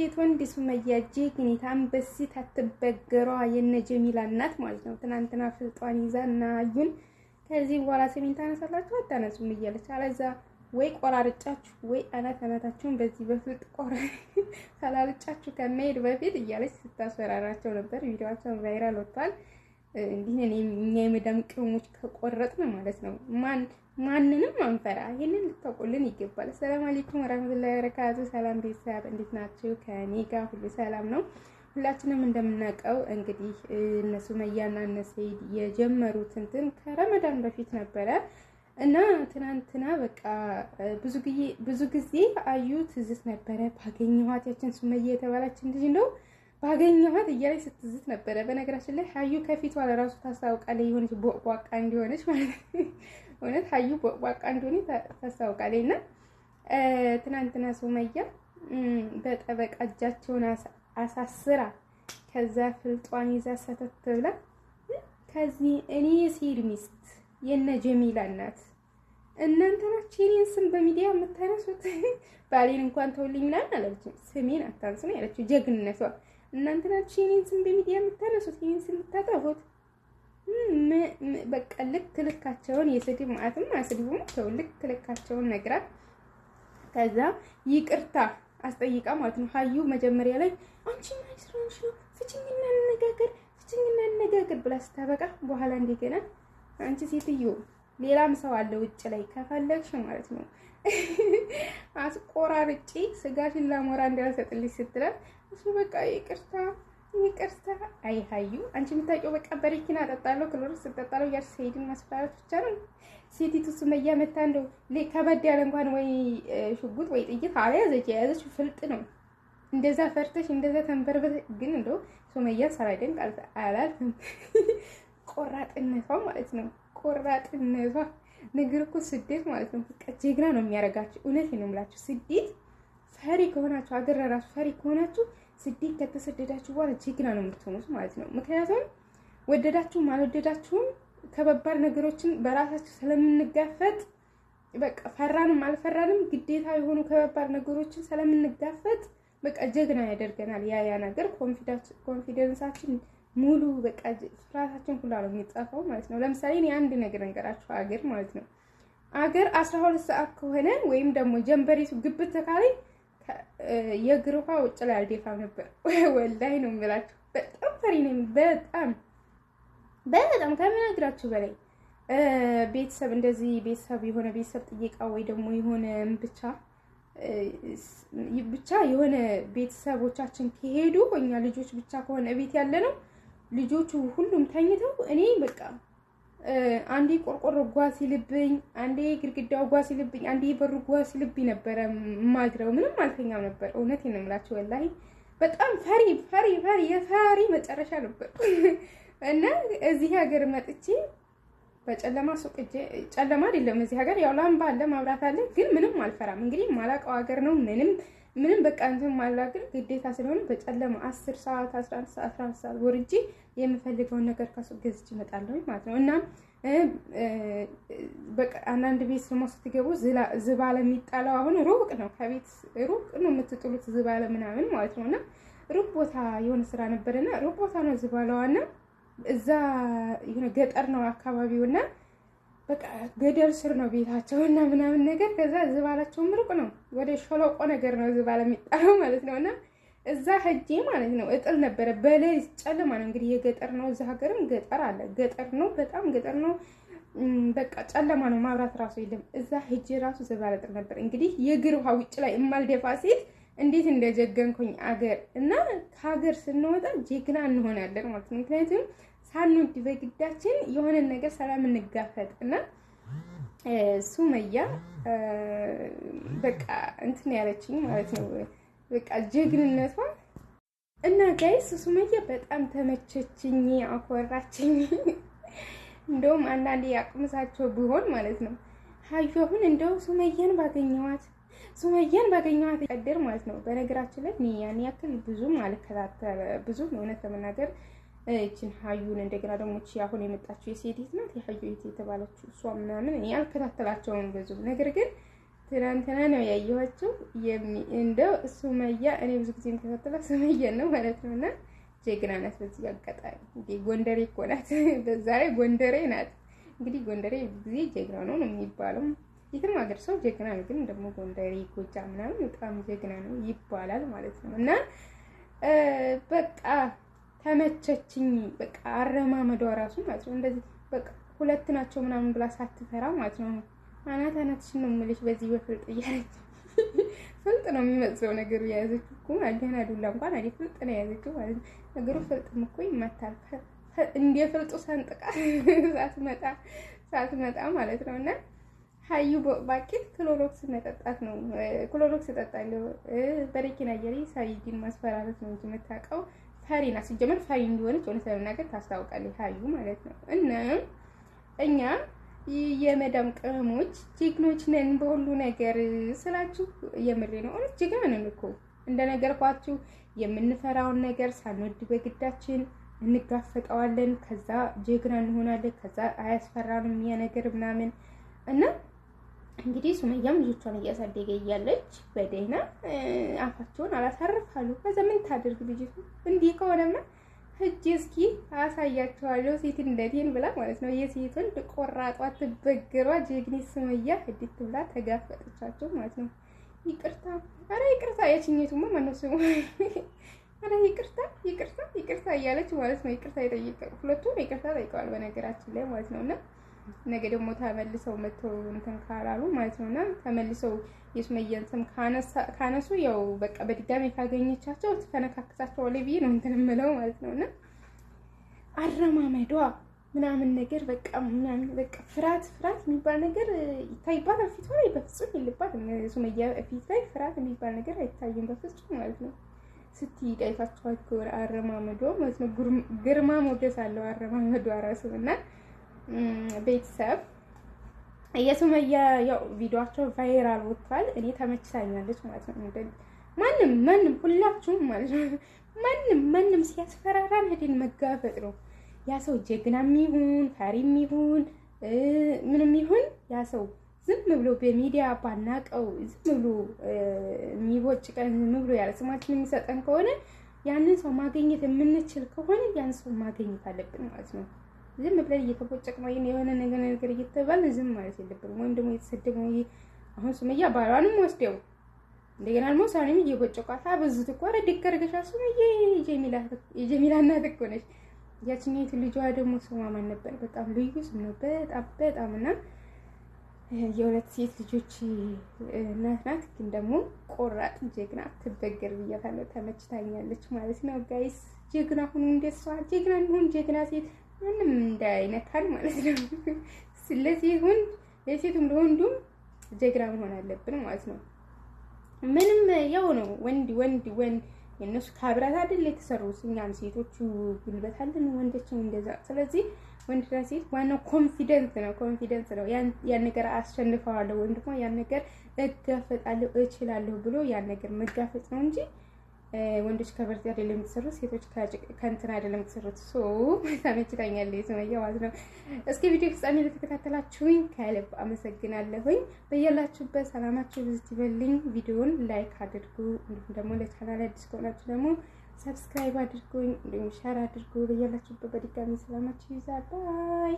ሴት ወንድ ሱመያ ጀግኒት አንበሲት አትበገሯ የነ ጀሚላ እናት ማለት ነው። ትናንትና ፍልጧን ይዛ እና አዩን ከዚህ በኋላ ሰሜን ታነሳላችሁ አታነሱም እያለች አለዛ ወይ ቆራርጫችሁ ወይ አናት አናታችሁን በዚህ በፍልጥ ቆረ ካላርጫችሁ ከመሄድ በፊት እያለች ስታስፈራራቸው ነበር። ቪዲዮዋቸውን ቫይራል ወጥቷል። እንዲህ እኛ የመዳም ቅመሞች ከቆረጥን ማለት ነው ማንንም አንፈራ። ይህንን ልታውቁልን ይገባል። ሰላም አለይኩም ወራህመቱላሂ ወበረካቱ። ሰላም ቤተሰብ እንዴት ናችሁ? ከኔ ጋር ሁሉ ሰላም ነው። ሁላችንም እንደምናውቀው እንግዲህ እነ ሱመያና እነ ሰይድ የጀመሩት እንትን ከረመዳን በፊት ነበረ እና ትናንትና በቃ ብዙ ጊዜ ብዙ ጊዜ አዩ ትዝት ነበረ ባገኘኋት ያችን ሱመያ የተባላችን ልጅ ነው ባገኘኋት እያለች ስትዝት ነበረ። በነገራችን ላይ ሀዩ ከፊቷ ለራሱ ታስታውቃለች፣ የሆነች ቦቅቧቃ እንዲሆነች ማለት እውነት ሀዩ ቦቅቧቃ እንዲሆነች ታስታውቃለች። እና ትናንትና ሱመያ በጠበቃ እጃቸውን አሳስራ ከዛ ፍልጧን ይዛ ሰተት ብላ ከዚህ እኔ የሲድ ሚስት የነ ጀሚላ እናት እናንተ ናችሁ የኔን ስም በሚዲያ የምታነሱት። ባሌን እንኳን ተውልኝ ምናምን አላለችም። ስሜን አታንሱ ነው ያለችው ጀግንነቷ። እናንተ ናችሁ የኔን ስም በሚዲያ የምታነሱት የኔን ስም የምታጠፉት። በቃ ልክ ልካቸውን የስድብ ማለትም አስድቡም ተው ልክ ልካቸውን ነግራት ከዛ ይቅርታ አስጠይቃ ማለት ነው። ሀዩ መጀመሪያ ላይ አንቺ ምን ነው ፍቺኝና እንነጋገር፣ ፍቺኝና እንነጋገር ብላ ስታበቃ በኋላ እንደገና አንቺ ሴትዮ ሌላም ሰው አለ ውጭ ላይ ከፈለግሽ ማለት ነው። አስቆራርጬ ስጋሽን ላሞራ እንዳልሰጥልሽ ስትላት እሱ በቃ ይቅርታ ይቅርታ። አይ አንቺ የምታውቂው በቃ በሪኪና አጠጣለሁ ክሎር ስጠጣለሁ እያልሽ ሰይድን ማስፈራራት ብቻ ነው። ሴቲቱ ሱመያ መታ እንደው ከበድ ያለ እንኳን ወይ ሽጉጥ ወይ ጥይት አልያዘች፣ የያዘች ፍልጥ ነው። እንደዛ ፈርተሽ እንደዛ ተንበርበት ግን እንደው ሱመያ ሳላደንቅ አላልፍም፣ ቆራጥነቷ ማለት ነው። ቆራጥነቷ ነገር እኮ ስደት ማለት ነው በቃ ጀግና ነው የሚያደርጋችሁ። እውነት ነው የምላችሁ ስደት ፈሪ ከሆናችሁ አገር ራሱ ፈሪ ከሆናችሁ ስደት ከተሰደዳችሁ በኋላ ጀግና ነው የምትሆኑት ማለት ነው። ምክንያቱም ወደዳችሁም አልወደዳችሁም ከባባድ ነገሮችን በራሳችሁ ስለምንጋፈጥ በቃ ፈራንም አልፈራንም ግዴታ የሆኑ ከባባድ ነገሮችን ስለምንጋፈጥ በቃ ጀግና ያደርገናል። ያ ያ ነገር ኮንፊደንሳችን ሙሉ በቃ ራሳችን ሁላ ነው የሚጠፋው ማለት ነው። ለምሳሌ እኔ አንድ ነገር እንገራችሁ፣ አገር ማለት ነው አገር አስራ ሁለት ሰዓት ከሆነ ወይም ደግሞ ጀንበሬቱ ግብት ተካላይ የእግር ውሃ ውጭ ላይ አልደፋም ነበር። ወላይ ነው የሚላችሁ። በጣም ፈሪ ነኝ። በጣም በጣም ከምነግራችሁ በላይ ቤተሰብ እንደዚህ ቤተሰብ የሆነ ቤተሰብ ጥየቃ ወይ ደግሞ የሆነ ብቻ ብቻ የሆነ ቤተሰቦቻችን ከሄዱ እኛ ልጆች ብቻ ከሆነ ቤት ያለ ነው ልጆቹ ሁሉም ተኝተው እኔ በቃ አንዴ ቆርቆሮ ጓ ሲልብኝ፣ አንዴ ግድግዳው ጓ ሲልብኝ፣ አንዴ በሩ ጓ ሲልብኝ ነበረ ማድረው። ምንም አልተኛም ነበር። እውነት ነው የምላችሁ ወላሂ በጣም ፈሪ ፈሪ ፈሪ የፈሪ መጨረሻ ነበር እና እዚህ ሀገር መጥቼ በጨለማ ሱቅ ጨለማ አይደለም እዚህ ሀገር ያው ላምባ አለ ማብራት አለ፣ ግን ምንም አልፈራም። እንግዲህ ማላውቀው ሀገር ነው ምንም ምንም በቃ እንትን ማላገር ግዴታ ስለሆነ በጨለማ አስር ሰዓት አስራ አንድ ሰዓት አስራ አንድ ሰዓት ወርጄ የምፈልገውን ነገር ከሱ ገዝቼ እመጣለሁ ማለት ነው። እና አንዳንድ ቤት ስሞ ስትገቡ ዝባለ የሚጣለው አሁን ሩቅ ነው፣ ከቤት ሩቅ ነው የምትጥሉት ዝባለ ምናምን ማለት ነው። እና ሩቅ ቦታ የሆነ ስራ ነበር ነበርና ሩቅ ቦታ ነው ዝባለዋና እዛ የሆነ ገጠር ነው አካባቢውና በቃ ገደል ስር ነው ቤታቸው እና ምናምን ነገር። ከዛ ዝባላቸው ምርቅ ነው፣ ወደ ሸለቆ ነገር ነው ዝባላ የሚጣለው ማለት ነው። እና እዛ ሄጄ ማለት ነው እጥል ነበረ በሌሊት ጨለማ ነው እንግዲህ፣ የገጠር ነው እዛ ሀገርም ገጠር አለ፣ ገጠር ነው በጣም ገጠር ነው። በቃ ጨለማ ነው፣ ማብራት ራሱ የለም። እዛ ሄጄ ራሱ ዝባላ እጥል ነበር። እንግዲህ የእግር ውሃ ውጭ ላይ የማልደፋ ሴት እንዴት እንደጀገንኩኝ አገር እና ከሀገር ስንወጣ ጀግና እንሆናለን ማለት ነው። ምክንያቱም ሳንወድ በግዳችን የሆነን ነገር ሰላም እንጋፈጥ እና ሱመያ በቃ እንትን ያለችኝ ማለት ነው። በቃ ጀግንነቷ እና ጋይስ ሱመያ በጣም ተመቸችኝ፣ አኮራችኝ። እንደውም አንዳንዴ ያቅምሳቸው ቢሆን ማለት ነው። ሀዩ እንደው ሱመያን ባገኘዋት ሱመያን ባገኘዋት ቀድር ማለት ነው። በነገራችን ላይ ያን ያክል ብዙም አልከታተለ ብዙም እውነት ለመናገር እችን ሀዩን እንደገና ደግሞ እቺ አሁን የመጣችው የሴት ናት የሀዩ ት የተባለችው እሷ ምናምን እኔ አልከታተላቸውም ብዙ ነገር ግን ትናንትና ነው ያየኋቸው። እንደው ሱመያ እኔ ብዙ ጊዜ የምከታተላት ሱመያን ነው ማለት ነው። እና ጀግና ናት። በዚህ አጋጣሚ እንግዲህ ጎንደሬ እኮ ናት፣ በዛ ላይ ጎንደሬ ናት። እንግዲህ ጎንደሬ ብዙ ጊዜ ጀግና ነው ነው የሚባለው። የትም ሀገር ሰው ጀግና ነው፣ ግን ደግሞ ጎንደሬ ጎጃ ምናምን በጣም ጀግና ነው ይባላል ማለት ነው እና በቃ ተመቸችኝ። በቃ አረማመዷ ራሱ ማለት ነው እንደዚህ በቃ ሁለት ናቸው ምናምን ብላ ሳትፈራ ማለት ነው። አናት አናትሽን ነው የምልሽ በዚህ በፍልጥ እያለች ፍልጥ ነው የሚመስለው ነገሩ የያዘች እኮ ደህና ዱላ እንኳን አዴ ፍልጥ ነው የያዘችው ማለት ነው ነገሩ። ፍልጥም እኮ ይመታል እንደ ፍልጡ ሰንጥቃ ሳትመጣ ሳትመጣ ማለት ነው እና ሀዩ ባቄት ክሎሮክስ መጠጣት ነው። ክሎሮክስ እጠጣለሁ በረኪና እያለኝ ሳይጅን ማስፈራረት ነው እንጂ የምታውቀው ፈሪ ናት። ሲጀመር ፈሪ እንደሆነች እውነት ለመናገር ታስታውቃለች፣ ሀዩ ማለት ነው። እና እኛ የመዳም ቅመሞች ጀግኖች ነን በሁሉ ነገር ስላችሁ የምሬ ነው። እውነት ጀግና ነን እኮ እንደነገርኳችሁ የምንፈራውን ነገር ሳንወድ በግዳችን እንጋፈጠዋለን። ከዛ ጀግና እንሆናለን። ከዛ አያስፈራንም ያ ነገር ምናምን እና እንግዲህ ሱመያም ልጆቿን እያሳደገ እያለች በደህና አፋቸውን አላሳርፋሉ። ከዛ ምን ታደርግ ልጅቱ እንዲህ ከሆነማ ህጅ እስኪ አሳያችኋለሁ ሴት እንደቴን ብላ ማለት ነው። የሴትን ቆራጧ ትበግሯ ጀግኔ ሱመያ ህዲት ብላ ተጋፈጠቻቸው ማለት ነው። ይቅርታ፣ አረ ይቅርታ፣ ያችኘቱማ ማነው ስሙ? አረ ይቅርታ፣ ይቅርታ፣ ይቅርታ እያለች ማለት ነው። ይቅርታ የጠየቀ ሁለቱም ይቅርታ ጠይቀዋል በነገራችን ላይ ማለት ነው እና ነገ ደግሞ ተመልሰው መተው እንትን ካላሉ ማለት ነው እና ተመልሰው የሱመያን ስም ካነሱ ያው በቃ በድጋሚ ካገኘቻቸው ተነካክሳቸው ላይ ብዬ ነው እንትን የምለው ማለት ነው እና አረማመዷ ምናምን ነገር በቃ ምናምን በቃ ፍርሃት ፍርሃት የሚባል ነገር ይታይባታል። ፊቷ ላይ በፍጹም የለባትም። ሱመያ ፊት ላይ ፍርሃት የሚባል ነገር አይታይም በፍጹም ማለት ነው። ስትሄድ አይታችኋት አረማመዷ ማለት ነው። ግርማ ሞገስ አለው አረማመዷ ራሱ እና ቤተሰብ የሱመያ ያው ቪዲዮአቸው ቫይራል ወጥቷል። እኔ ተመችታኛለች ማለት ነው። ማንም ማንም ሁላችሁም ማለት ነው ማንም ማንም ሲያስፈራራ ሄደን መጋፈጥ ነው። ያ ሰው ጀግናም ይሁን ፈሪም ይሁን ምንም ይሁን ያ ሰው ዝም ብሎ በሚዲያ ባናቀው ዝም ብሎ ቀን ዝም ብሎ ያለ ስማችን የሚሰጠን ከሆነ ያንን ሰው ማገኘት የምንችል ከሆነ ያን ሰው ማገኘት አለብን ማለት ነው። ዝም ብለን እየተቦጨቅ ነው የሆነ ነገር ነገር እየተባልን ዝም ማለት የለብንም። ወይም ደግሞ የተሰደብ ነው። አሁን ሱመያ ባሏንም ወስደው እንደገና ደግሞ ሳኔም እየቦጨቋት አበዙት እኮ ኧረ ድክ አድርገሻል ሱመዬ። የጀሚላ እናት እኮ ነች። ያችኛይቱ ልጇ ደግሞ ሰማማን ነበር? በጣም ልዩ ስም ነው። በጣም በጣም እና የሁለት ሴት ልጆች እናት ናት። ግን ደግሞ ቆራጥ ጀግና ትበገር ብያታለሁ። ተመችታኛለች ማለት ነው። ጋይስ ጀግና ሁኑ እንደሷ ጀግና ሁን ጀግና ሴት ማንም እንዳይነካል ማለት ነው። ስለዚህ ሁን ለሴቱም ለወንዱም ጀግና መሆን አለብን ማለት ነው። ምንም ያው ነው። ወንድ ወንድ ወንድ የእነሱ ከብረት አይደል የተሰሩት። እኛም ሴቶቹ ጉልበት አለን፣ ወንዶችም እንደዛ። ስለዚህ ወንድና ሴት ዋናው ኮንፊደንስ ነው፣ ኮንፊደንስ ነው። ያን ነገር አሸንፈዋለሁ ወይም ደግሞ ያን ነገር እጋፈጣለሁ እችላለሁ ብሎ ያን ነገር መጋፈጥ ነው እንጂ ወንዶች ከበርቴ አይደለም የምትሰሩት፣ ሴቶች ከእንትን አይደለም የምትሰሩት። ሶ ተመችታኛል የሱመያ ማለት ነው። እስኪ ቪዲዮ ፍጻሜ ለተከታተላችሁኝ ከልብ አመሰግናለሁኝ። በያላችሁበት ሰላማችሁ ብዙ ይበልኝ። ቪዲዮውን ላይክ አድርጉ፣ እንዲሁም ደግሞ ለቻናል አዲስ ከሆናችሁ ደግሞ ሰብስክራይብ አድርጉኝ፣ እንዲሁም ሸር አድርጉ። በያላችሁበት በድጋሚ ሰላማችሁ ይዛ ባይ